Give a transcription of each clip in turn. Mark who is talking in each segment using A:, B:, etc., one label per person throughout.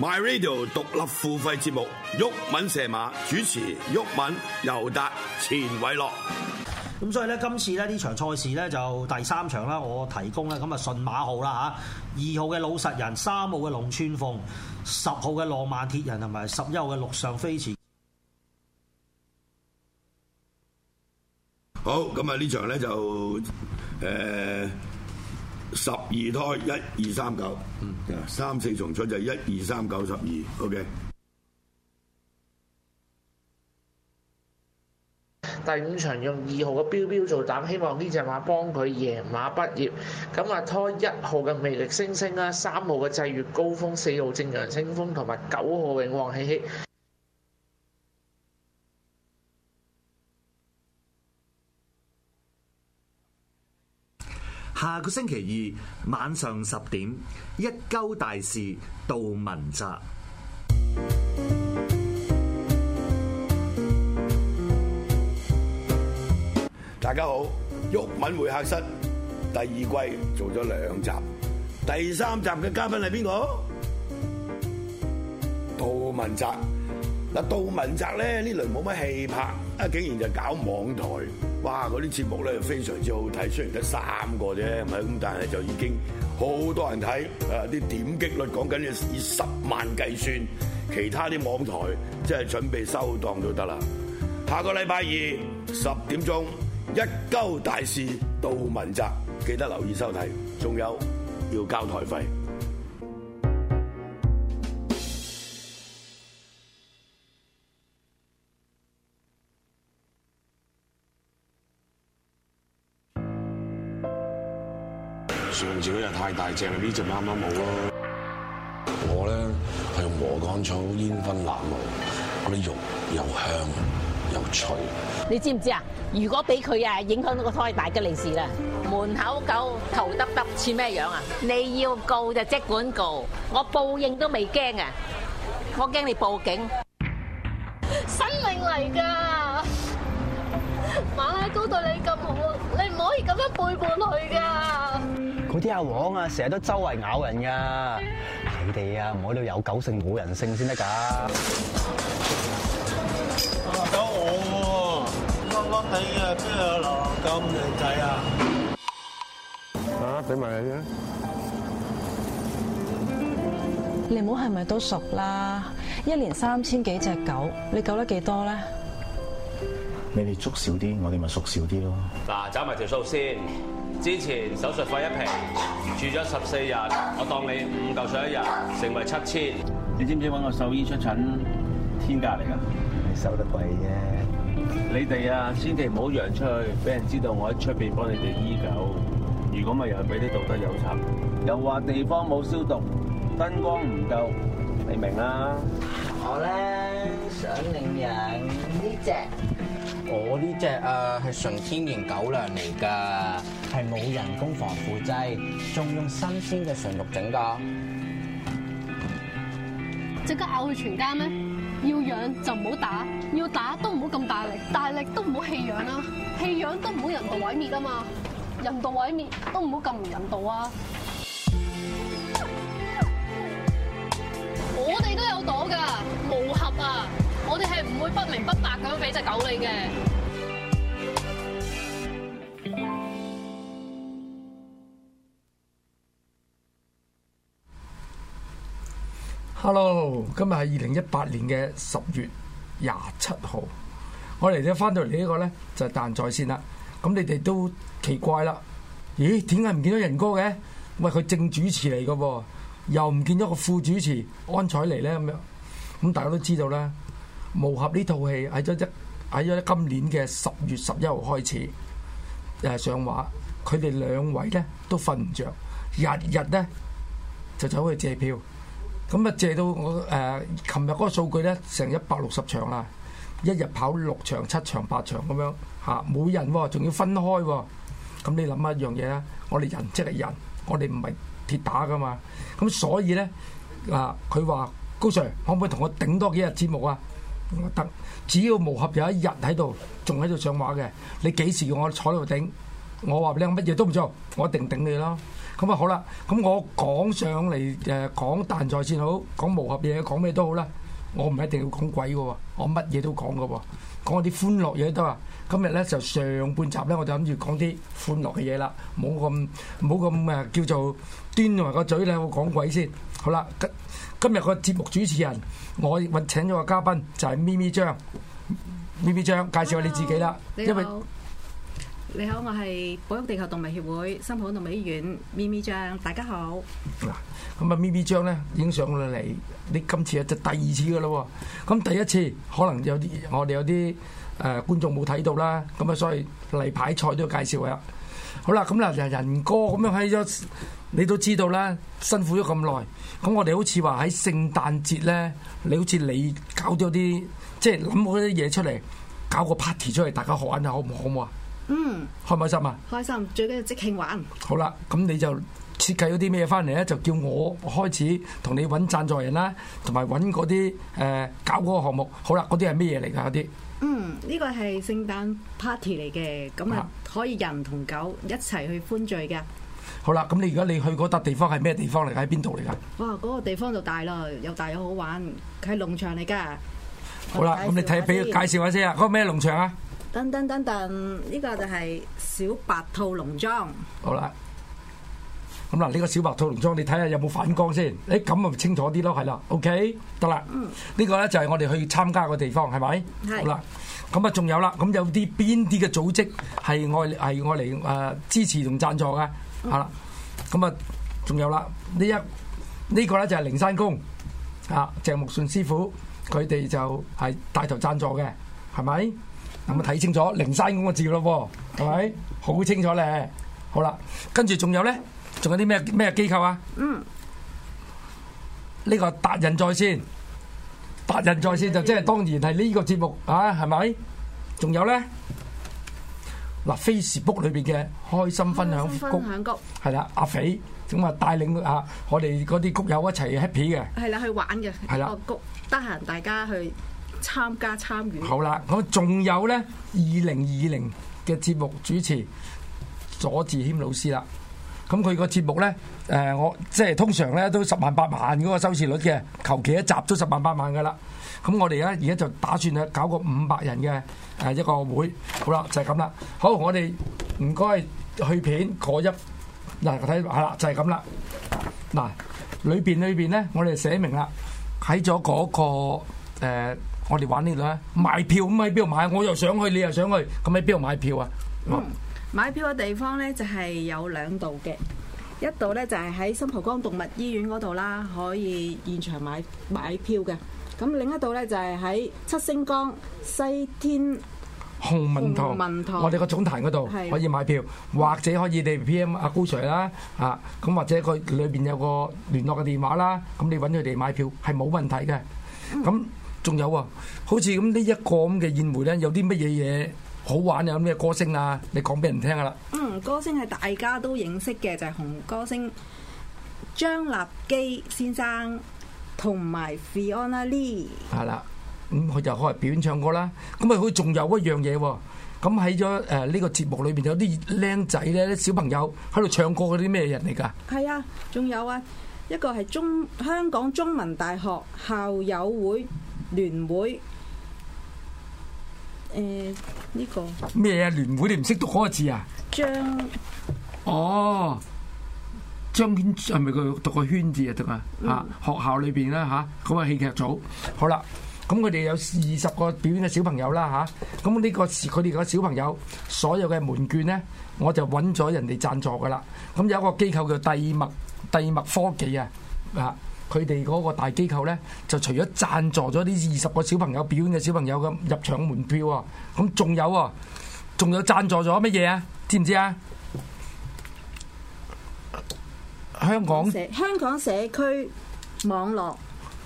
A: My Radio 獨立付費節目，玉敏射馬主持，玉敏、尤達、錢偉樂。咁所以咧，今次咧呢場賽事咧就第三場啦。我提供咧咁啊順馬號啦吓，二號嘅老實人，三號嘅龍川鳳，十號嘅浪漫鐵人，同埋十一號嘅陸上飛馳。好，咁啊呢場咧就誒。呃十二胎一二三九，嗯，三四重出就一二三九十二，OK。第五場用二號嘅標標做膽，希望呢隻馬幫佢贏馬畢業。咁啊，拖一號嘅魅力星星啦，三號嘅際遇高峰，四號正陽清風同埋九號永旺希希。
B: 下個星期二晚上十點，一鳩大事，杜
A: 汶澤。大家好，玉敏會客室第二季做咗兩集，第三集嘅嘉賓係邊個？杜汶澤。嗱，杜汶澤咧呢輪冇乜戲拍，啊，竟然就搞網台。哇！嗰啲節目咧，非常之好睇，雖然得三個啫，唔係咁，但係就已經好多人睇，誒啲點擊率講緊要以十萬計算，其他啲網台即係準備收檔都得啦。下個禮拜二，十點鐘一鳩大事，杜汶澤，記得留意收睇，仲有要交台費。如果又太大隻啦，呢隻啱啱好咯。我咧係用禾乾草煙燻鴨肉，嗰啲肉又香又
B: 脆。你知唔知啊？如果俾佢啊影響到個胎大吉利事啦，門口狗頭耷耷似咩樣啊？你要告就即管告，我報應都未驚啊！我驚你報警，生命嚟㗎。馬拉糕對你咁好，你唔可以咁樣背叛佢㗎。啲阿黃啊，成日都周圍咬人噶，你哋啊，唔好
A: 都有狗性冇人性先得噶。
B: 狗我喎，笠笠地啊，邊度有流浪狗？咁靚仔啊！
A: 啊，俾埋你先。
B: 你唔好係咪都熟啦？一年三千幾隻狗，你救得幾多咧？
A: 俾你捉少啲，我哋咪縮少啲咯。嗱，走埋條數先。之前手術費一平，住咗十四日，我當你五嚿水一日，成為七千。
B: 你知唔知揾個獸醫出診天價嚟㗎？收得貴啫。你哋啊，千祈唔好揚出去，俾人知道我喺出邊幫你哋醫狗。如果咪又係俾啲道德有策，又話地方冇消毒，燈光唔夠，
A: 你明啦。我咧想領養呢隻。我呢隻啊係純天然狗糧嚟噶，係冇人工防腐劑，仲用新鮮嘅純肉整噶。
B: 即刻咬佢全家咩？要養就唔好打，要打都唔好咁大力，大力都唔好棄養啦，棄養都唔好人道毀滅啊嘛，人道毀滅都唔好咁唔人道啊。我哋都有躲噶，無盒啊！
A: 我哋係唔會不明不白咁樣俾隻狗你嘅。Hello，今日係二零一八年嘅十月廿七號。我嚟咗翻到嚟呢個咧，就係達仁在線啦。咁你哋都奇怪啦，咦？點解唔見到仁哥嘅？喂，佢正主持嚟噶噃，又唔見咗個副主持安彩妮咧咁樣。咁大家都知道啦。幕合，呢套戲喺咗一喺咗今年嘅十月十一號開始誒上畫，佢哋兩位咧都瞓唔着，日日咧就走去借票，咁啊借到我誒，琴日嗰個數據咧成一百六十場啦，一日跑六場、七場、八場咁樣吓，每人仲、哦、要分開咁、哦。你諗一樣嘢咧，我哋人即係人，我哋唔係鐵打噶嘛，咁所以咧啊，佢話高 Sir 可唔可以同我頂多幾日節目啊？我得，只要無合有一日喺度，仲喺度上畫嘅，你幾時要我坐喺度頂，我話俾你我乜嘢都唔做，我一定頂你咯。咁、嗯、啊好啦，咁、嗯、我講上嚟誒講達仁在線好講無合嘢，講咩都好啦。我唔一定要講鬼嘅喎，我乜嘢都講嘅喎，講啲歡樂嘢都得啊。今日咧就上半集咧，我就諗住講啲歡樂嘅嘢啦，冇咁冇咁誒叫做端住個嘴咧，我講鬼先。好啦，今日個節目主持人，我揾請咗個嘉賓，就係咪咪張。咪咪張，介紹下你自己啦。你好，你
B: 好，我係保育地球動物協會森保動物醫院咪咪張，大家
A: 好。嗱，咁啊咪咪張咧影相落嚟，你今次啊就第二次噶啦喎。咁第一次可能有啲我哋有啲誒觀眾冇睇到啦，咁啊所以例牌菜都要介紹下。好啦，咁嗱人人哥咁樣喺咗。你都知道啦，辛苦咗咁耐，咁我哋好似話喺聖誕節咧，你好似你搞咗啲即係諗好啲嘢出嚟，搞個 party 出嚟，大家玩下好唔好？好唔好啊？嗯，開唔開心啊？
B: 開心，最緊要即興玩。
A: 好啦，咁你就設計咗啲咩嘢翻嚟咧？就叫我開始同你揾贊助人啦，同埋揾嗰啲誒搞嗰個項目。好啦，嗰啲係咩嘢嚟噶嗰啲？嗯，
B: 呢個係聖誕 party 嚟嘅，咁啊可以人同狗一齊去歡聚噶。
A: 好啦，咁你而家你去嗰笪地方係咩地方嚟？喺邊度嚟噶？
B: 哇，嗰個地方就大啦，又大又好玩，佢係農場嚟噶。
A: 好啦，咁你睇俾佢介紹下先啊。嗰個咩農場啊？
B: 噔噔噔噔，呢個就係小白兔農莊。
A: 好啦，咁嗱，呢個小白兔農莊，你睇下有冇反光先？誒，咁啊清楚啲咯，係啦，OK，得啦。嗯，呢個咧就係我哋去參加個地方，係咪？係。好啦，咁啊，仲有啦，咁有啲邊啲嘅組織係愛係愛嚟誒支持同贊助噶？係啦，咁啊，仲有啦，呢一呢個咧就係靈山公，啊，鄭木順師傅佢哋就係帶頭贊助嘅，係咪？咁啊睇清楚靈山公個字咯，係咪？好清楚咧，好啦，跟住仲有咧，仲有啲咩咩機構啊？嗯，呢個達仁在線，達仁在線就即係當然係呢個節目啊，係咪？仲有咧？嗱，Facebook 裏邊嘅開心分享谷，係啦，阿肥咁啊，帶領啊我哋嗰啲谷友一齊 happy 嘅，
B: 係啦，去玩嘅，係啦，個谷得閒大家去參加參與。好
A: 啦，咁仲有咧二零二零嘅節目主持左志謙老師啦。咁佢個節目咧，誒我即係通常咧都十萬八萬嗰個收視率嘅，求其一集都十萬八萬㗎啦。咁我哋咧而家就打算啊搞個五百人嘅誒一個會，好啦就係咁啦。好，我哋唔該去片過一嗱睇，係啦就係咁啦。嗱裏邊裏邊咧，我哋寫明啦，喺咗嗰個誒，我哋玩呢個咧賣票咁喺邊度買？我又想去，你又想去，咁喺邊度買票啊？
B: 買票嘅地方咧就係有兩度嘅，一度咧就係喺新蒲崗動物醫院嗰度啦，可以現場買買票嘅。咁另一度咧就係喺七星崗西天
A: 紅文堂，文堂我哋個總壇嗰度可以買票，的或者可以你 PM 阿高 Sir 啦啊，咁或者佢裏邊有個聯絡嘅電話啦，咁你搵佢哋買票係冇問題嘅。咁仲、嗯、有啊，好似咁呢一個咁嘅宴會咧，有啲乜嘢嘢？好玩有咩歌星啊？你講俾人聽噶啦。
B: 嗯，歌星係大家都認識嘅，就係、是、紅歌星張立基先生同埋 Fiona Lee。
A: 係啦，咁、嗯、佢就開嚟表演唱歌啦。咁啊，佢仲有一樣嘢、哦，咁喺咗誒呢個節目裏邊有啲僆仔咧，小朋友喺度唱歌嗰啲咩人嚟噶？
B: 係啊，仲有啊，一個係中香港中文大學校友會聯會。誒，呢、
A: 呃這個咩啊？聯會你唔識讀嗰個字啊？張將哦，張圈係咪佢讀個圈子啊？讀、嗯、啊吓，學校裏邊啦吓，咁啊戲劇、那個、組好啦，咁佢哋有二十個表演嘅小朋友啦吓，咁、啊、呢個係佢哋個小朋友所有嘅門券咧，我就揾咗人哋贊助噶啦，咁有一個機構叫帝麥帝麥科技啊啊！佢哋嗰個大機構呢，就除咗贊助咗啲二十個小朋友表演嘅小朋友嘅入場門票啊，咁仲有啊，仲有贊助咗乜嘢啊？知唔知啊？香港
B: 香港社區網絡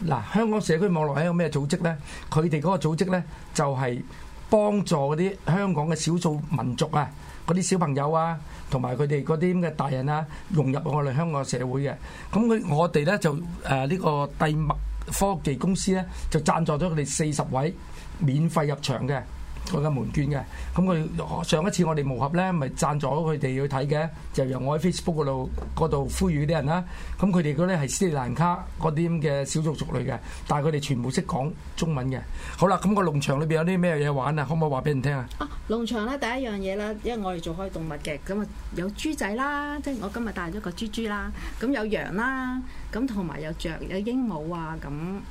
A: 嗱，香港社區網絡係一個咩組織呢？佢哋嗰個組織呢就係幫助嗰啲香港嘅少數民族啊。嗰啲小朋友啊，同埋佢哋嗰啲咁嘅大人啊，融入我哋香港社會嘅。咁佢我哋咧就誒呢、呃這個帝物科技公司咧就贊助咗佢哋四十位免費入場嘅。嗰間門券嘅，咁佢上一次我哋無合咧，咪贊助咗佢哋要睇嘅，就由我喺 Facebook 嗰度嗰度呼籲啲人啦。咁佢哋嗰啲係斯里蘭卡嗰啲咁嘅少數族類嘅，但係佢哋全部識講中文嘅。好啦，咁個農場裏邊有啲咩嘢玩啊？可唔可以話俾人聽啊？
B: 農場咧第一樣嘢啦，因為我哋做開動物嘅，咁啊有豬仔啦，即係我今日帶咗個豬豬啦，咁有羊啦，咁同埋有雀、有鸚鵡啊，咁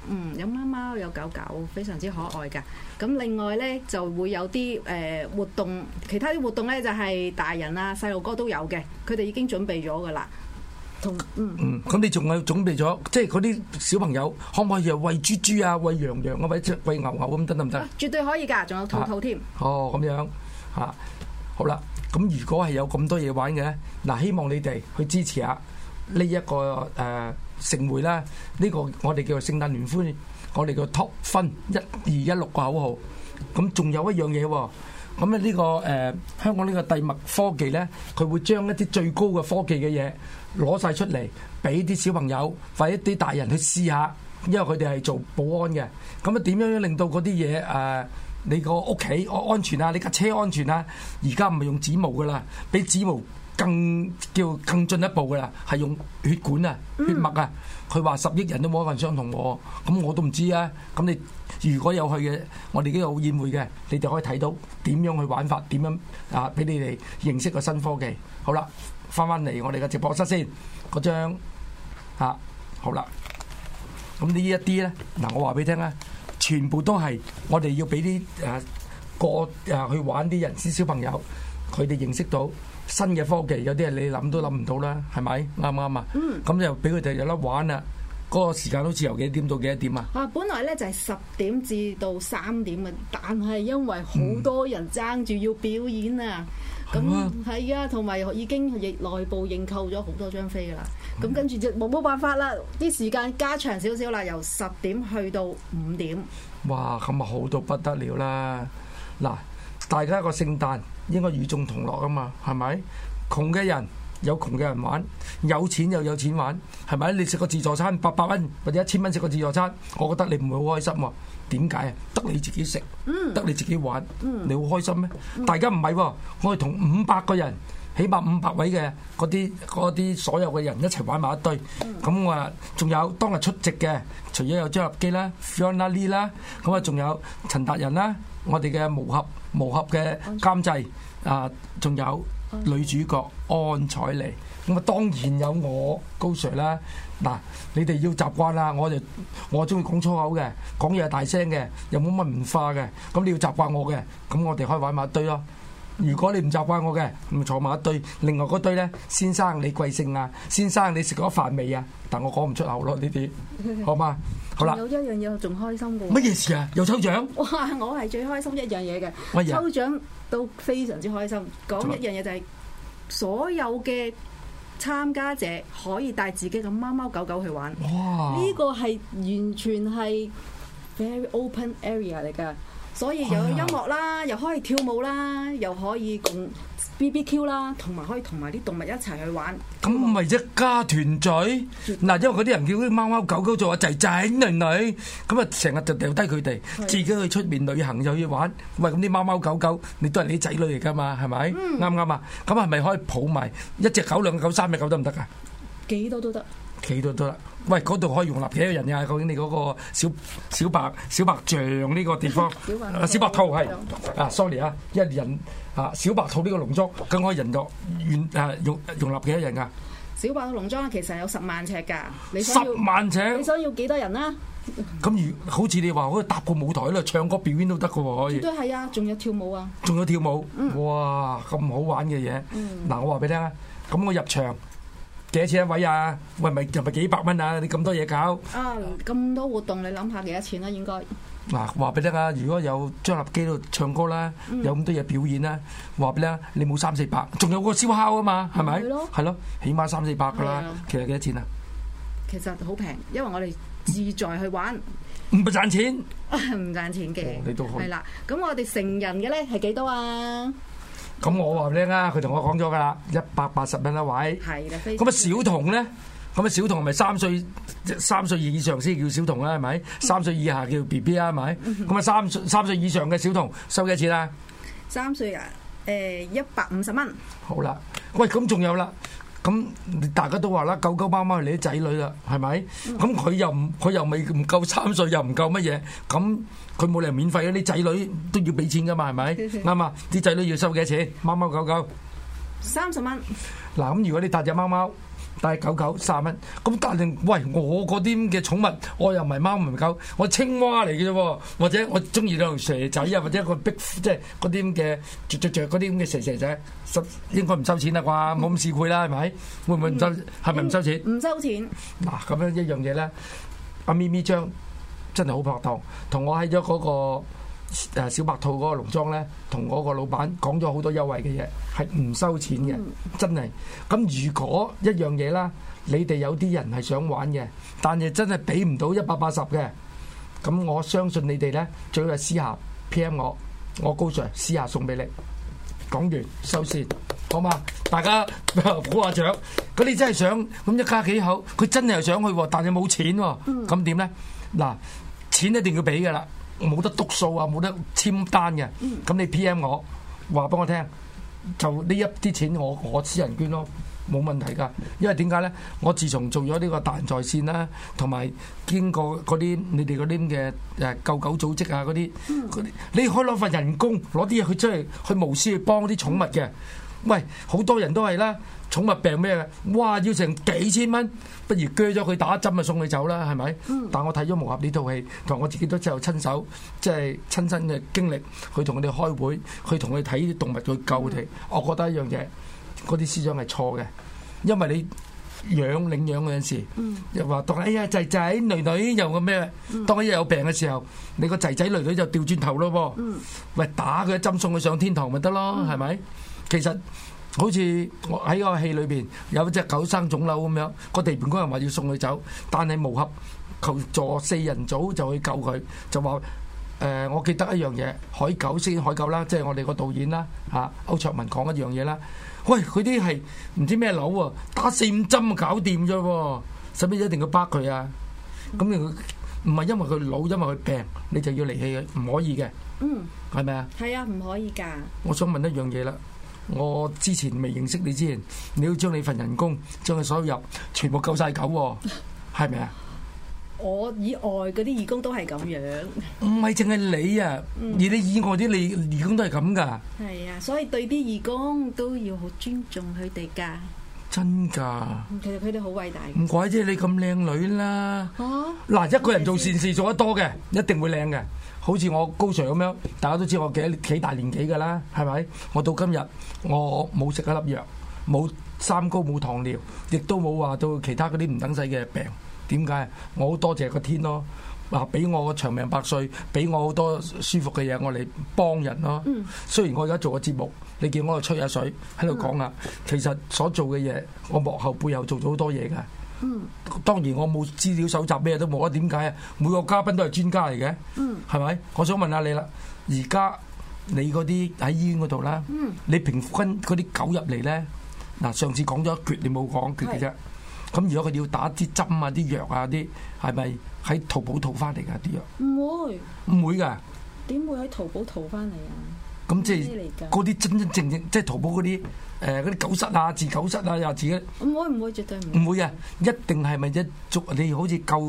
B: 嗯有貓貓有狗狗，非常之可愛㗎。咁另外咧就，會有啲誒活動，其他啲活動咧就係大人啊、細路哥都有嘅，佢哋已經準備咗噶啦。同
A: 嗯嗯，咁你仲有準備咗，即係嗰啲小朋友可唔可以又餵豬豬啊、餵羊羊啊、餵隻餵牛牛咁得唔得？
B: 絕對可以噶，仲有兔兔添。
A: 哦，咁樣吓，好啦，咁如果係有咁多嘢玩嘅咧，嗱，希望你哋去支持下呢一個誒盛會啦，呢個我哋叫做聖誕聯歡，我哋叫 Top Fun，一二一六個口號。咁仲有一樣嘢喎，咁咧呢個誒、呃、香港呢個帝麥科技咧，佢會將一啲最高嘅科技嘅嘢攞晒出嚟，俾啲小朋友，或者啲大人去試下，因為佢哋係做保安嘅。咁啊點樣令到嗰啲嘢誒，你個屋企安安全啊，你架車安全啊？而家唔係用指模噶啦，俾指模。更叫更進一步㗎啦，係用血管啊、血脈啊。佢話十億人都冇一份相同喎，咁我都唔知啊。咁你如果有去嘅，我哋已經有宴會嘅，你就可以睇到點樣去玩法，點樣啊，俾你哋認識個新科技。好啦，翻翻嚟我哋嘅直播室先嗰張嚇，好啦。咁呢一啲咧，嗱，我話俾你聽啦，全部都係我哋要俾啲誒個誒去玩啲人先小朋友，佢哋認識到。新嘅科技有啲係你諗都諗唔到啦，係咪啱唔啱啊？咁、嗯嗯、就俾佢哋有得玩啦。嗰、嗰個時間好似由幾點到幾多點啊？
B: 啊，本來咧就係十點至到三點嘅，但係因為好多人爭住要表演、嗯、那啊，咁係啊，同埋已經亦內部認購咗好多張飛啦。咁、嗯、跟住就冇冇辦法啦，啲時間加長少少啦，由十點去到五點。
A: 哇，咁啊好到不得了啦！嗱。大家一個聖誕應該與眾同樂啊嘛，係咪？窮嘅人有窮嘅人玩，有錢又有錢玩，係咪？你食個自助餐八百蚊或者一千蚊食個自助餐，我覺得你唔會好開心喎。點解啊？得你自己食，得你自己玩，你好開心咩？大家唔係喎，我哋同五百個人，起碼五百位嘅嗰啲嗰啲所有嘅人一齊玩埋一堆。咁啊，仲有當日出席嘅，除咗有張立基啦、Fiona Lee 啦，咁啊仲有陳達仁啦。我哋嘅無合無合嘅監製啊，仲、呃、有女主角安彩妮，咁啊當然有我高 Sir 啦。嗱，你哋要習慣啦，我就我中意講粗口嘅，講嘢大聲嘅，又冇乜文化嘅，咁你要習慣我嘅，咁我哋可以玩埋一堆咯。如果你唔習慣我嘅，咁坐埋一堆。另外嗰堆咧，先生你貴姓啊？先生你食咗飯未啊？但我講唔出口咯呢啲，好嘛？好啦，有
B: 一樣嘢我仲開心過，乜嘢
A: 事啊？有抽獎？
B: 哇！我係最開心一樣嘢嘅，乜嘢？抽獎都非常之開心。講一樣嘢就係所有嘅參加者可以帶自己嘅貓貓狗狗去玩。哇！呢個係完全係 very open area 嚟噶。所以又有音樂啦，哇又可以跳舞啦，又可以共 BBQ 啦，同埋可以同埋啲動物一齊去玩。
A: 咁唔係一家團聚嗱？嗯、因為嗰啲人叫啲貓貓狗狗做阿仔仔女女，咁啊成日就掉低佢哋，是的 自己去出面旅行又要玩。喂、哎，咁啲貓貓狗狗，你都係你啲仔女嚟噶嘛？係咪？啱唔啱啊？咁係咪可以抱埋一隻狗、兩隻狗、三隻狗得唔得啊？
B: 幾多都得。
A: 企到得啦！喂，嗰度可以容納幾多人呀、啊？究竟你嗰個小小白小白象呢個地方，小白兔係啊 Sorry 啊，一人啊，小白兔呢個農莊，咁可以人作，誒容容納幾多人噶？
B: 小白兔農莊、啊、其，其實有十萬尺㗎，十萬尺？你想要幾多人啊？
A: 咁如好似你話可以搭個舞台咧，唱歌表演都得嘅喎，可以都
B: 係
A: 啊，仲、嗯、有跳舞啊，仲有跳舞，哇，咁好玩嘅嘢！嗱、嗯，嗯嗯、我話俾你聽啊，咁我入場。幾多錢一位啊？喂，咪又咪幾百蚊啊？你咁多嘢搞
B: 啊！咁多活動你諗下幾多錢啊？應該
A: 嗱，話俾、啊、你聽啊！如果有張立基度唱歌啦，嗯、有咁多嘢表演啦，話俾你聽，你冇三四百，仲有個燒烤啊嘛，係咪、嗯？係咯，起碼三四百噶啦。的其實幾多錢啊？
B: 其實好平，因為我哋自在去玩，
A: 唔賺錢，
B: 唔賺 錢嘅、哦。你都係啦。咁我哋成人嘅咧係幾多啊？
A: 咁、嗯、我話靚啊，佢同我講咗㗎啦，一百八十蚊一位。係啦，咁啊小童咧，咁啊小童係咪三歲？三歲以上先叫小童啦，係咪？三歲以下叫 BB 啦，係咪？咁啊三三歲以上嘅小童收幾多錢啊？三
B: 歲啊，誒一百五十蚊。
A: 好啦，喂，咁仲有啦。咁大家都話啦，狗狗貓貓係你啲仔女啦，係咪？咁佢、嗯、又唔佢又未唔夠三歲，又唔夠乜嘢？咁佢冇理由免費啊！啲仔女都要俾錢噶嘛，係咪啱啊？啲仔 女要收幾多錢？貓貓狗狗三十蚊。嗱萬，咁如果你搭隻貓貓。帶狗狗三蚊，咁但係喂，我嗰啲咁嘅寵物，我又唔係貓唔係狗，我青蛙嚟嘅啫喎，或者我中意兩條蛇仔啊，或者一個逼，即係嗰啲咁嘅着着着嗰啲咁嘅蛇蛇仔，收應該唔收錢啦啩，冇咁市儈啦係咪？會唔會唔收？係咪唔收錢？唔、嗯、收錢。嗱咁、啊、樣一樣嘢咧，阿咪咪張真係好拍檔，同我喺咗嗰個。誒小白兔嗰個農莊咧，同嗰個老闆講咗好多優惠嘅嘢，係唔收錢嘅，真係。咁如果一樣嘢啦，你哋有啲人係想玩嘅，但係真係俾唔到一百八十嘅，咁我相信你哋咧，最好係私下 PM 我，我高 Sir，私下送俾你。講完收線好嘛？大家鼓下掌。咁 你真係想咁一家幾口，佢真係又想去，但係冇錢喎，咁點咧？嗱，錢一定要俾㗎啦。冇得篤數啊，冇得簽單嘅，咁你 PM 我話俾我聽，就呢一啲錢我我私人捐咯，冇問題噶。因為點解咧？我自從做咗呢個達仁在線啦、啊，同埋經過嗰啲你哋嗰啲嘅誒救狗組織啊，嗰啲，你可以攞份人工攞啲嘢去出去去無私去幫啲寵物嘅。喂，好多人都係啦，寵物病咩嘅，哇，要成幾千蚊，不如鋸咗佢打針啊，送佢走啦，係咪、嗯？但我睇咗《無俠》呢套戲，同我自己都之後親手即係、就是、親身嘅經歷，去同佢哋開會，去同佢睇啲動物去救佢，嗯、我覺得一樣嘢，嗰啲思想係錯嘅，因為你養領養嗰陣時、嗯又哎，又話、嗯、當哎呀仔仔女女又個咩，當佢一有病嘅時候，你個仔仔女女就掉轉頭咯喎，喂、嗯、打佢一針送佢上天堂咪得咯，係咪？嗯是其實好似我喺個戲裏邊有隻狗生腫瘤咁樣，個地盤工人話要送佢走，但係無合求助四人組就去救佢，就話誒，我記得一樣嘢，海狗先海狗啦，即係我哋個導演啦嚇歐卓文講一樣嘢啦。喂，佢啲係唔知咩瘤喎，打四五針就搞掂咗，使唔使一定要巴佢啊？咁你唔係因為佢老，因為佢病，你就要離棄佢嘅，唔可以嘅，嗯，係咪啊？係
B: 啊，唔可以
A: 㗎。我想問一樣嘢啦。我之前未認識你之前，你要將你份人工，將佢所有入，全部救晒狗喎，係咪啊？
B: 我以外嗰啲義工都係咁
A: 樣，唔係淨係你啊，嗯、而你以外啲義義工都係咁噶。係啊，
B: 所以對啲義工都要好尊重佢哋噶，
A: 真㗎的。其
B: 實佢哋好偉大。唔
A: 怪之，你咁靚女啦。嚇！
B: 嗱，一個人做
A: 善事做得多嘅，一定會靚嘅。好似我高 Sir 咁樣，大家都知我幾多幾大年紀㗎啦，係咪？我到今日我冇食一粒藥，冇三高冇糖尿，亦都冇話到其他嗰啲唔等使嘅病。點解？我好多謝個天咯，話俾我個長命百歲，俾我好多舒服嘅嘢我嚟幫人咯。嗯、雖然我而家做個節目，你見我係吹下水，喺度講啊，嗯、其實所做嘅嘢，我幕後背後做咗好多嘢㗎。嗯，當然我冇資料搜集咩都冇啦。點解啊？每個嘉賓都係專家嚟嘅，嗯，係咪？我想問下你啦。而家你嗰啲喺醫院嗰度啦，嗯，你平均嗰啲狗入嚟咧，嗱上次講咗一橛，你冇講橛嘅啫。咁是如果佢哋要打啲針啊、啲藥啊、啲係咪喺淘寶淘翻嚟㗎啲藥？唔會，唔會㗎。
B: 點會喺淘寶淘翻嚟啊？
A: 咁即係嗰啲真真正正正，即係淘寶嗰啲誒嗰啲狗虱啊，治狗虱啊，又自、啊、自己
B: 唔會唔
A: 會絕對唔會啊！一定係咪一做你好似救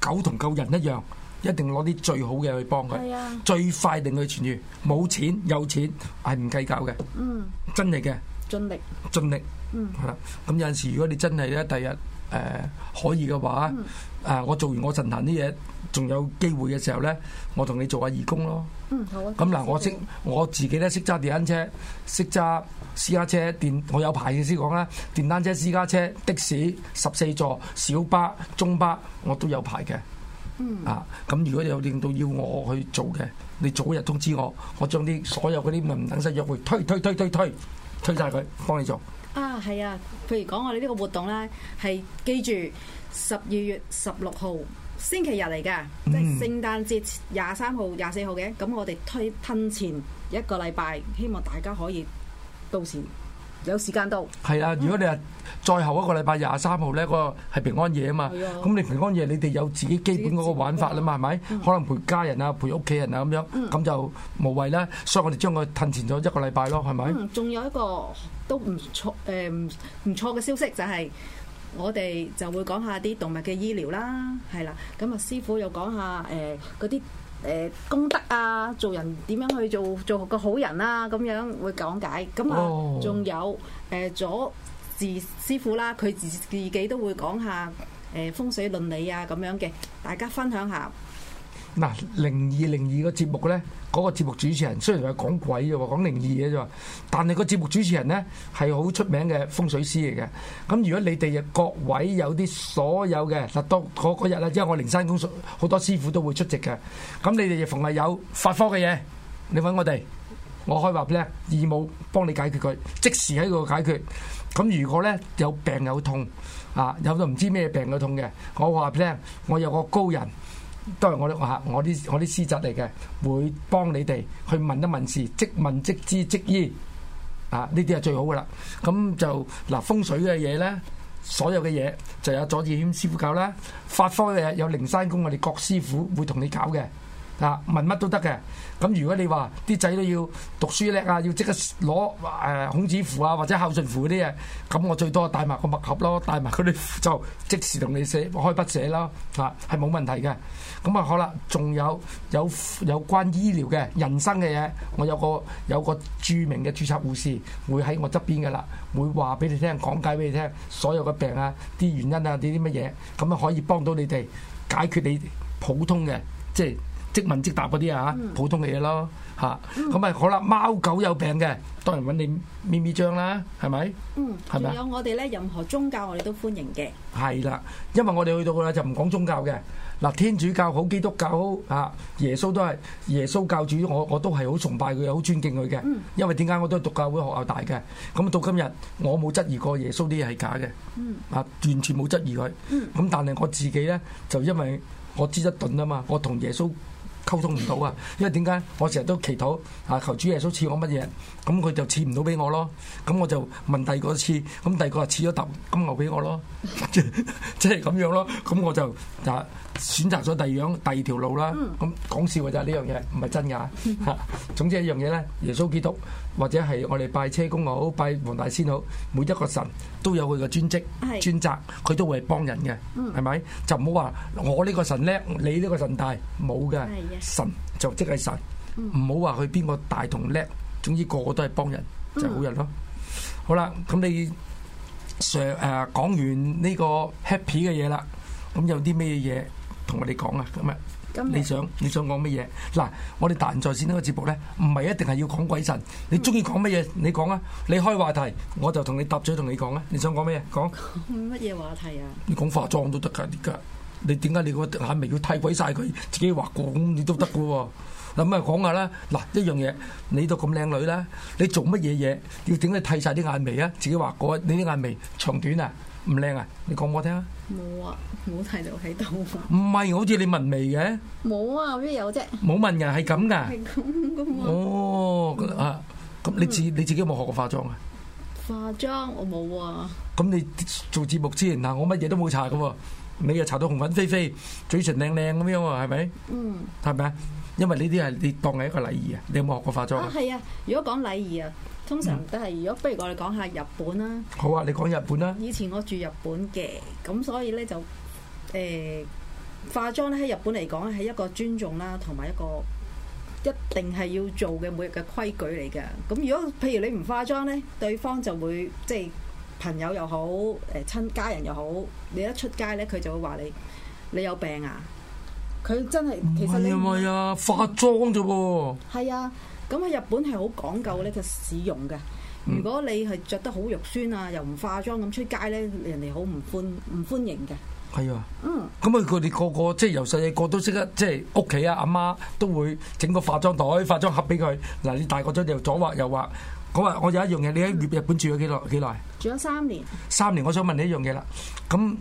A: 狗同救救人一樣，一定攞啲最好嘅去幫佢，啊、最快令佢痊愈，冇錢有錢係唔計較嘅，
B: 嗯，真係嘅，盡力，盡力，嗯，係
A: 啦。咁有陣時如果你真係咧，第日誒可以嘅話，誒、嗯呃、我做完我神壇啲嘢。仲有機會嘅時候呢，我同你做下義工咯。嗯，好嗯嗯啊。咁嗱，我識我自己咧，識揸電單車，識揸私家車電，我有牌嘅先講啦。電單車、私家車、的士、十四座小巴、中巴，我都有牌嘅。嗯。啊，咁如果你有令到要我去做嘅，你早日通知我，我將啲所有嗰啲唔等使約會推推推推推推曬佢，幫你做。
B: 啊，係啊。譬如講，我哋呢個活動呢，係記住十二月十六號。星期日嚟噶，即係聖誕節廿三號、廿四號嘅，咁我哋推褪前一個禮拜，希望大家可以到時有時間到。
A: 係啊，嗯，如果你話最後一個禮拜廿三號咧，嗰、那個係平安夜啊嘛，咁的你平安夜你哋有自己基本嗰個玩法啦嘛，係咪？嗯，可能陪家人啊，陪屋企人啊咁、啊、樣，咁、嗯，就無謂啦。所以我哋將佢褪前咗一個禮拜咯，係咪、嗯？
B: 仲有一個都唔錯誒，唔唔錯嘅消息就係、是。我哋就會講下啲動物嘅醫療啦，係啦，咁、嗯、啊師傅又講下誒嗰啲誒功德啊，做人點樣去做做個好人啊，咁樣會講解，咁啊仲有誒、呃、左字師傅啦，佢自己自己都會講下誒、呃、風水倫理啊咁樣嘅，大家分享下。
A: 嗱，零二零二個節目咧，嗰個節目主持人雖然係講鬼嘅喎，講靈異嘅啫，但係個節目主持人咧係好出名嘅風水師嚟嘅。咁如果你哋各位有啲所有嘅嗱，當嗰日咧，即係我靈山公所好多師傅都會出席嘅，咁你哋亦逢係有發科嘅嘢，你揾我哋，我可以話俾你聽，義務幫你解決佢，即時喺度解決。咁如果咧有病有痛啊，有到唔知咩病嘅痛嘅，我話俾你聽，我有個高人。都係我啲客，我啲我啲師侄嚟嘅，會幫你哋去問一問事，即問即知即醫啊！呢啲係最好噶啦。咁就嗱、啊、風水嘅嘢咧，所有嘅嘢就有左志謙師傅教啦。發科嘅嘢有靈山公，我哋郭師傅會同你搞嘅啊，問乜都得嘅。咁如果你話啲仔都要讀書叻啊，要即刻攞誒、呃、孔子符啊或者孝順符嗰啲嘢，咁我最多帶埋個墨盒咯，帶埋佢哋就即時同你寫開筆寫咯，啊係冇問題嘅。咁啊，好啦，仲有有有關醫療嘅人生嘅嘢，我有個有個著名嘅註冊護士會喺我側邊噶啦，會話俾你，你聽，講解俾你聽所有嘅病啊、啲原因啊、啲啲乜嘢，咁啊可以幫到你哋解決你普通嘅即係即，即問即答嗰啲啊，嗯、普通嘅嘢咯嚇。咁咪、嗯、好啦，貓狗有病嘅當然揾你咪咪張啦，係咪？嗯，係咪？
B: 仲有我哋咧，任何宗教我哋都
A: 歡迎嘅。係啦，因為我哋去到噶啦就唔講宗教嘅。嗱，天主教好，基督教好，啊，耶穌都係耶穌教主，我我都係好崇拜佢，好尊敬佢嘅。因為點解我都係讀教會學校大嘅，咁到今日我冇質疑過耶穌啲嘢係假嘅，啊完全冇質疑佢。咁但係我自己咧就因為我知得頓啊嘛，我同耶穌溝通唔到啊。因為點解我成日都祈禱啊，求主耶穌賜我乜嘢，咁佢就賜唔到俾我咯。咁我就問第二個次，咁第二個啊賜咗頭金牛俾我咯，即係咁樣咯。咁我就啊～選擇咗第二樣第二條路啦，咁講笑嘅就係呢樣嘢，唔係真㗎嚇。總之一樣嘢咧，耶穌基督或者係我哋拜車公好，拜黃大仙好，每一個神都有佢嘅專職、專責，佢都會幫人嘅，係咪？就唔好話我呢個神叻，你呢個神大，冇嘅神就即係神，唔好話佢邊個大同叻，總之個個都係幫人就係好人咯。好啦，咁你 Sir 誒講完呢個 happy 嘅嘢啦，咁有啲咩嘢？同我哋講啊，咁啊，你想你想講乜嘢？嗱，我哋達仁在線呢個節目咧，唔係一定係要講鬼神，你中意講乜嘢你講啊，你開話題，我就同你搭嘴，同你講啊。你想講咩啊？講
B: 乜嘢話題
A: 啊？你講化妝都得㗎，你點解你個眼眉要剃鬼晒佢？自己畫過你都得嘅喎。嗱，咁啊講下啦。嗱，一樣嘢，你都咁靚 女啦，你做乜嘢嘢？要點解剃晒啲眼眉啊？自己畫過，你啲眼眉長短啊，唔靚啊？你講我聽啊！冇啊，冇睇到喺度啊！唔係，好似你文眉嘅。
B: 冇啊，邊有啫？
A: 冇紋啊，係咁噶。係
B: 咁噶
A: 嘛。哦，啊，咁你自你自己有冇學過化妝啊？
B: 化妝我冇啊。
A: 咁你做節目之前，嗱我乜嘢都冇搽噶喎，你又搽到紅粉飛飛，嘴唇靚靚咁樣喎，係咪？嗯。係咪啊？因為呢啲係你當係一個禮儀啊。你有冇學過化妝啊？係
B: 啊，如果講禮儀啊。通常都係，如果不如我哋講下日本啦。
A: 好啊，你講日本啦。
B: 以前我住日本嘅，咁所以咧就誒、欸、化妝咧喺日本嚟講係一個尊重啦，同埋一個一定係要做嘅每日嘅規矩嚟嘅。咁如果譬如你唔化妝咧，對方就會即係朋友又好，誒親家人又好，你一出街咧，佢就會話你你有病啊！佢真係、啊、其實唔係
A: 啊，化妝啫噃。
B: 係啊。咁喺日本係好講究咧，就使用嘅。如果你係着得好肉酸啊，又唔化妝咁出街咧，人哋好唔歡唔歡迎嘅。係啊的，嗯，
A: 咁啊佢哋個個即係由細個都識得，即係屋企啊阿媽都會整個化妝袋、化妝盒俾佢。嗱，你大個咗又左畫右畫。我話我有一樣嘢，你喺日本住咗幾耐？幾耐？住咗三年。三年，我想問你一樣嘢啦。咁。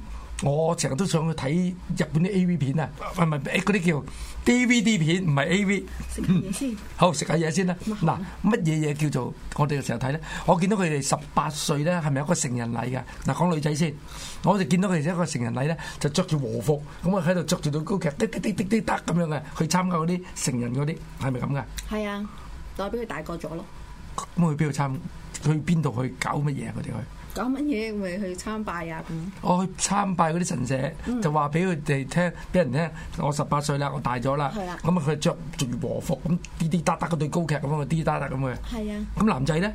A: 我成日都想去睇日本啲 A V 片啊，唔係唔係嗰啲叫 D V D 片，唔係 A V。食嘢先，好食下嘢先啦。嗱，乜嘢嘢叫做我哋成日睇咧？我見到佢哋十八歲咧，係咪一個成人禮㗎？嗱，講女仔先，我就見到佢哋一個成人禮咧，就著住和服，咁啊喺度著住套高劇，滴滴滴滴滴滴咁樣嘅，去參加嗰啲成人嗰啲，係咪咁嘅？
B: 係啊，代表佢大個咗
A: 咯。咁去邊度參？去邊度去搞乜嘢？佢哋去？
B: 講
A: 乜嘢，咪去參拜啊。我去參拜嗰啲神社，就話俾佢哋聽，俾人聽，我十八歲啦，我大咗啦，咁啊佢着住和服咁，滴滴嗒嗒嗰對高屐，咁啊，滴滴嗒嗒咁嘅。係啊。咁男仔咧？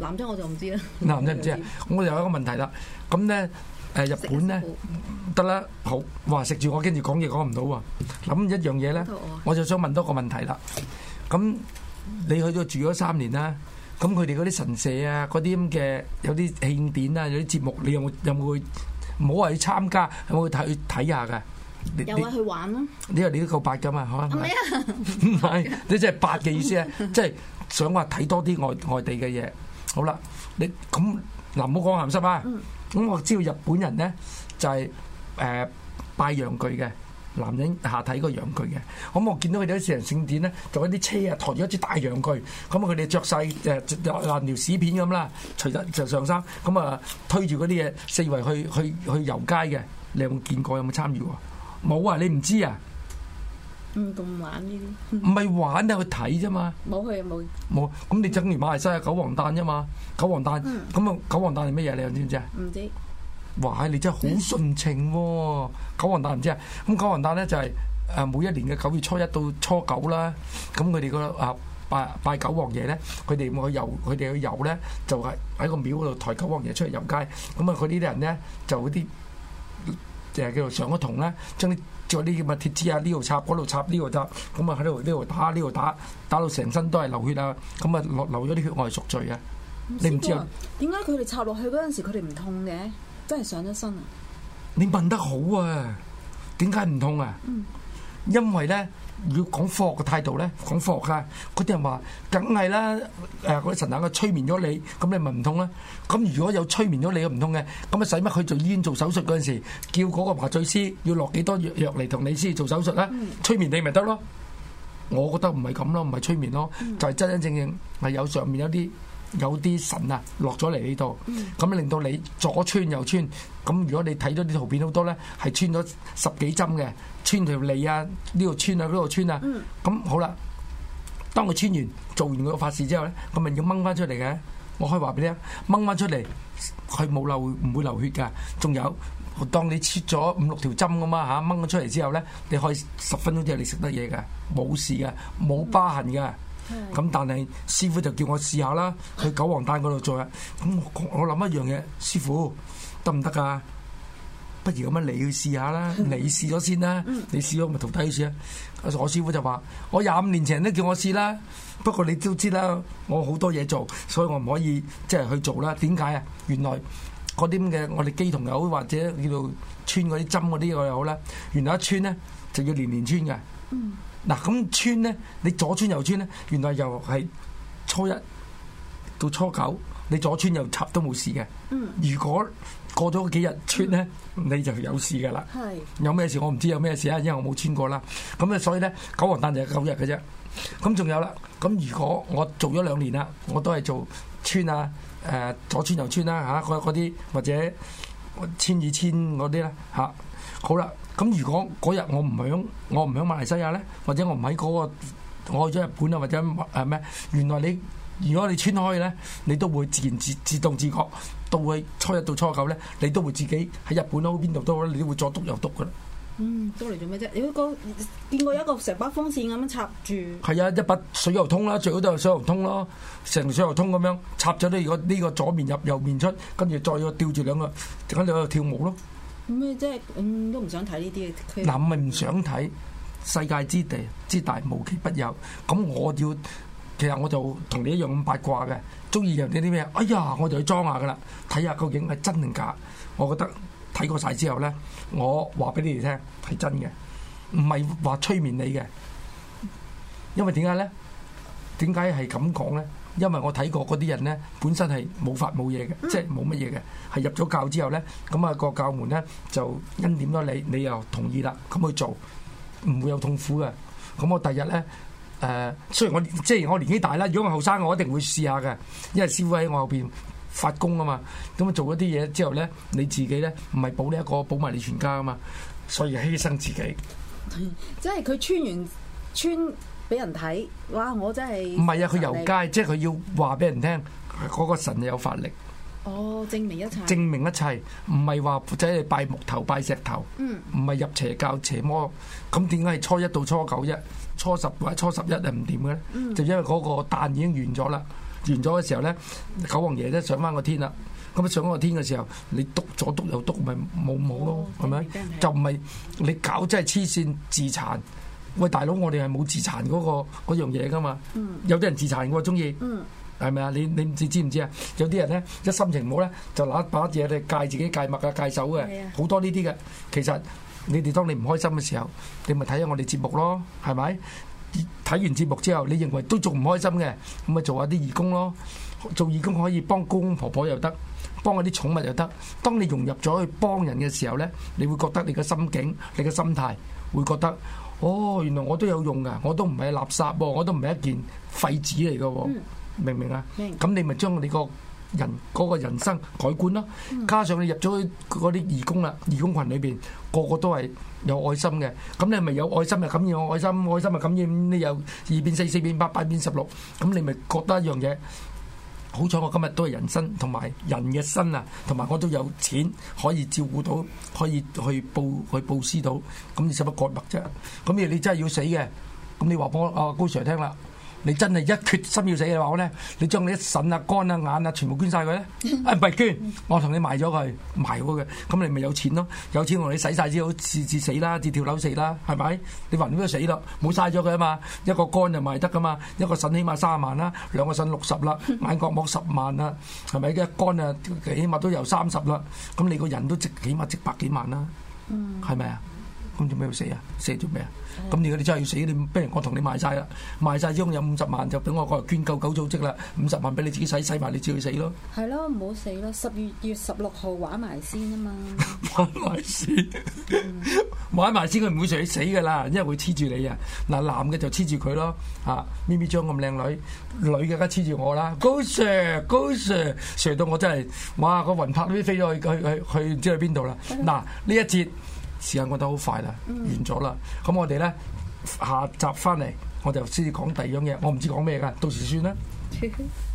A: 男
B: 仔我就唔知啦。男仔唔知
A: 啊，我又有一個問題啦。咁咧，誒，日本咧得啦，好，哇，食住我跟住講嘢講唔到喎，諗一樣嘢咧，我就想問多個問題啦。咁你去咗住咗三年啦。咁佢哋嗰啲神社啊，嗰啲咁嘅有啲慶典啊，有啲節目，你有冇有冇去？唔好話去參加，有冇去睇去睇下㗎？你又話去
B: 玩
A: 咯？你話你都夠八㗎嘛？唔係，
B: 唔係，
A: 你即係八嘅意思啊，即係想話睇多啲外外地嘅嘢。好啦、嗯，你咁嗱唔好講鹹濕啊。咁我知道日本人咧就係、是、誒、呃、拜陽具嘅。男人下體嗰個陽具嘅，咁、嗯、我見到佢哋啲成人聖典咧就一啲車啊，抬住一支大陽具，咁啊佢哋着晒誒爛條屎片咁啦，除咗就上衫，咁、嗯、啊推住嗰啲嘢四圍去去去遊街嘅，你有冇見過？有冇參與？冇啊！你唔知啊？
B: 唔咁
A: 玩呢啲，唔係玩去睇啫嘛。
B: 冇去
A: 冇。冇，咁你整完馬來西亞，九黃蛋啫嘛，九黃蛋，咁啊、嗯，九黃蛋係乜嘢？你又知唔知啊？唔知。哇！你真係好純情喎、哦，九皇誕唔知啊？咁九皇誕咧就係誒每一年嘅九月初一到初九啦。咁佢哋個啊拜拜九皇爺咧，佢哋去遊，佢哋去遊咧就係喺個廟度抬九皇爺出嚟遊街。咁啊，佢呢啲人咧就嗰啲誒叫做上咗童咧，將啲再啲咁嘅鐵枝啊，呢度插嗰度插，呢度插咁啊，喺度呢度打呢度打，打到成身都係流血，流血啊！咁啊，落流咗啲血我係贖罪啊！你唔知啊？
B: 點解佢哋插落去嗰陣時佢哋唔痛嘅？真係上咗
A: 身啊！你問得好啊，點解唔痛啊？嗯、因為咧要講科學嘅態度咧，講科學㗎。嗰啲人話梗係啦，誒嗰啲神探嘅催眠咗你，咁你咪唔痛啦，啊？咁如果有催眠咗你嘅唔痛嘅，咁啊使乜去做醫院做手術嗰陣時，叫嗰個麻醉師要落幾多藥藥嚟同你先做手術咧？嗯、催眠你咪得咯？我覺得唔係咁咯，唔係催眠咯，嗯、就係真真正正係有上面一啲。有啲神啊，落咗嚟呢度，咁令到你左穿右穿。咁如果你睇到啲圖片好多咧，係穿咗十幾針嘅，穿條脷啊，呢度穿啊，嗰度穿啊。咁好啦，當佢穿完做完嗰個法事之後咧，咁咪要掹翻出嚟嘅。我可以話俾你聽，掹翻出嚟，佢冇流，唔會流血㗎。仲有，當你切咗五六條針咁嘛，嚇，掹咗出嚟之後咧，你可以十分鐘之後你食得嘢㗎，冇事㗎，冇疤痕㗎。咁但係師傅就叫我試下啦，去九皇丹嗰度做啊！咁我我諗一樣嘢，師傅得唔得噶？不如咁啊，你試去試下啦，你試咗先啦，你試咗咪徒弟去試啊！我師傅就話：我廿五年前都叫我試啦，不過你都知啦，我好多嘢做，所以我唔可以即係去做啦。點解啊？原來嗰啲嘅我哋機同友或者叫做穿嗰啲針嗰啲我有啦，原來一穿咧就要年年穿嘅。嗱，咁穿咧，你左穿右穿咧，原來又係初一到初九，你左穿右插都冇事嘅。嗯。如果過咗嗰幾日穿咧，嗯、你就有事噶啦。係是。有咩事？我唔知有咩事啊，因為我冇穿過啦。咁啊，所以咧，九皇誕就係九日嘅啫。咁仲有啦，咁如果我做咗兩年啦，我都係做穿啊，誒、呃、左穿右穿啦、啊、嚇，嗰、啊、啲或者千二千嗰啲咧嚇。啊。好啦，咁如果嗰日我唔響，我唔響馬來西亞咧，或者我唔喺嗰個，我去咗日本啊，或者係咩、呃？原來你如果你穿開咧，你都會自然自自動自覺，到去初一到初九咧，你都會自己喺日本邊都邊度都，你都會左篤右篤噶啦。嗯，都嚟做咩啫？如果、那個、見過一個
B: 成把風扇
A: 咁樣插住，係啊，一把水油通啦，最好就係水油通咯，成水油通咁樣插咗咧。如果呢個左面入右面出，跟住再要吊住兩個，就喺度跳舞咯。
B: 咁你即係，嗯，
A: 都唔想睇呢啲。嗱、啊，唔係唔想睇，世界之地之大無奇不有。咁我要，其實我就同你一樣咁八卦嘅，中意人哋啲咩？哎呀，我就去裝下噶啦，睇下究竟係真定假。我覺得睇過晒之後咧，我話俾你哋聽係真嘅，唔係話催眠你嘅。因為點解咧？點解係咁講咧？因為我睇過嗰啲人咧，本身係冇法冇嘢嘅，嗯、即係冇乜嘢嘅，係入咗教之後咧，咁、那、啊個教門咧就恩典咗你，你又同意啦，咁去做，唔會有痛苦嘅。咁我第日咧，誒、呃、雖然我即係我年紀大啦，如果我後生，我一定會試下嘅，因為師傅喺我後邊發功啊嘛，咁啊做一啲嘢之後咧，你自己咧唔係保呢、這、一個保埋你全家啊嘛，所以犧牲自己，
B: 即係佢穿完穿。俾人睇，哇！我真係唔係啊，佢遊街，嗯、即
A: 係佢要話俾人聽，嗰、嗰個神有法力。
B: 哦，證
A: 明一切，證明一切，唔係話即係拜木頭、拜石頭，嗯，唔係入邪教、邪魔。咁點解係初一到初九啫？初十或者初十一係唔掂嘅咧？嗯、就因為嗰個誕已經完咗啦，完咗嘅時候咧，九皇爺咧上翻個天啦。咁上翻個天嘅時候，你督咗督又督，咪冇冇咯，係咪？就唔係你搞真係黐線自殘。喂，大佬，我哋係冇自殘嗰、嗰個樣嘢㗎嘛？嗯、有啲人自殘，我中意，係咪啊？你你唔知知唔知啊？有啲人咧一心情唔好咧，就拿把嘢嚟戒自己戒物啊戒，戒，戒手嘅好、嗯、多呢啲嘅。其實你哋當你唔開心嘅時候，你咪睇下我哋節目咯，係咪？睇完節目之後，你認為都仲唔開心嘅咁啊？咪做下啲義工咯，做義工可以幫公公婆婆又得，幫下啲寵物又得。當你融入咗去幫人嘅時候咧，你會覺得你嘅心境、你嘅心態會覺得。哦，原來我都有用噶，我都唔係垃圾喎，我都唔係一件廢紙嚟噶喎，嗯、明唔明啊？明白。咁你咪將你個人嗰、嗰個人生改觀咯，嗯、加上你入咗嗰啲義工啦，義工群裏邊個個都係有愛心嘅，咁你咪有愛心啊？感染有愛心，愛心咪感染，你有，有二變四，四變八，八變十六，咁你咪覺得一樣嘢。好彩我今日都係人生，同埋人嘅身啊，同埋我都有錢可以照顧到，可以去報去報施到，咁你使乜割脈啫？咁你真係要死嘅，咁你話俾我阿高 sir 聽啦。你真係一決心要死嘅話咧，你將你啲腎啊、肝啊、眼啊全部捐晒佢咧，啊唔係捐，我同你賣咗佢，賣咗佢，咁你咪有錢咯，有錢同你使晒之後，自自死啦，自跳樓死啦，係咪？你暈都死咯，冇晒咗佢啊嘛，一個肝就賣得㗎嘛，一個腎起碼三十萬啦，兩個腎六十啦，眼角膜十萬啦，係咪？一肝啊，起碼都有三十啦，咁你個人都值起碼值百幾萬啦，係咪啊？咁做咩要死啊？死做咩啊？咁如果你真係要死，你不如我同你賣晒啦，賣晒，總共有五十萬，就俾我個捐夠狗組織啦，五十萬俾你自己使，使埋你自己去死咯。係咯 完
B: 才， 唔好死咯！十二月十六號玩埋先
A: 啊嘛。玩埋先，玩埋先，佢唔會隨你死噶啦，因為會黐住你啊。嗱，男嘅就黐住佢咯，啊，咪咪張咁靚女，女嘅梗黐住我啦，高 Sir, 高 Sir，高 Sir，到我真係，哇個魂魄都飛咗去去去去，唔知去邊度啦。嗱呢 一節。時間過得好快啦，完咗啦。咁、嗯、我哋咧下集翻嚟，我就先講第二樣嘢。我唔知講咩㗎，到時算啦。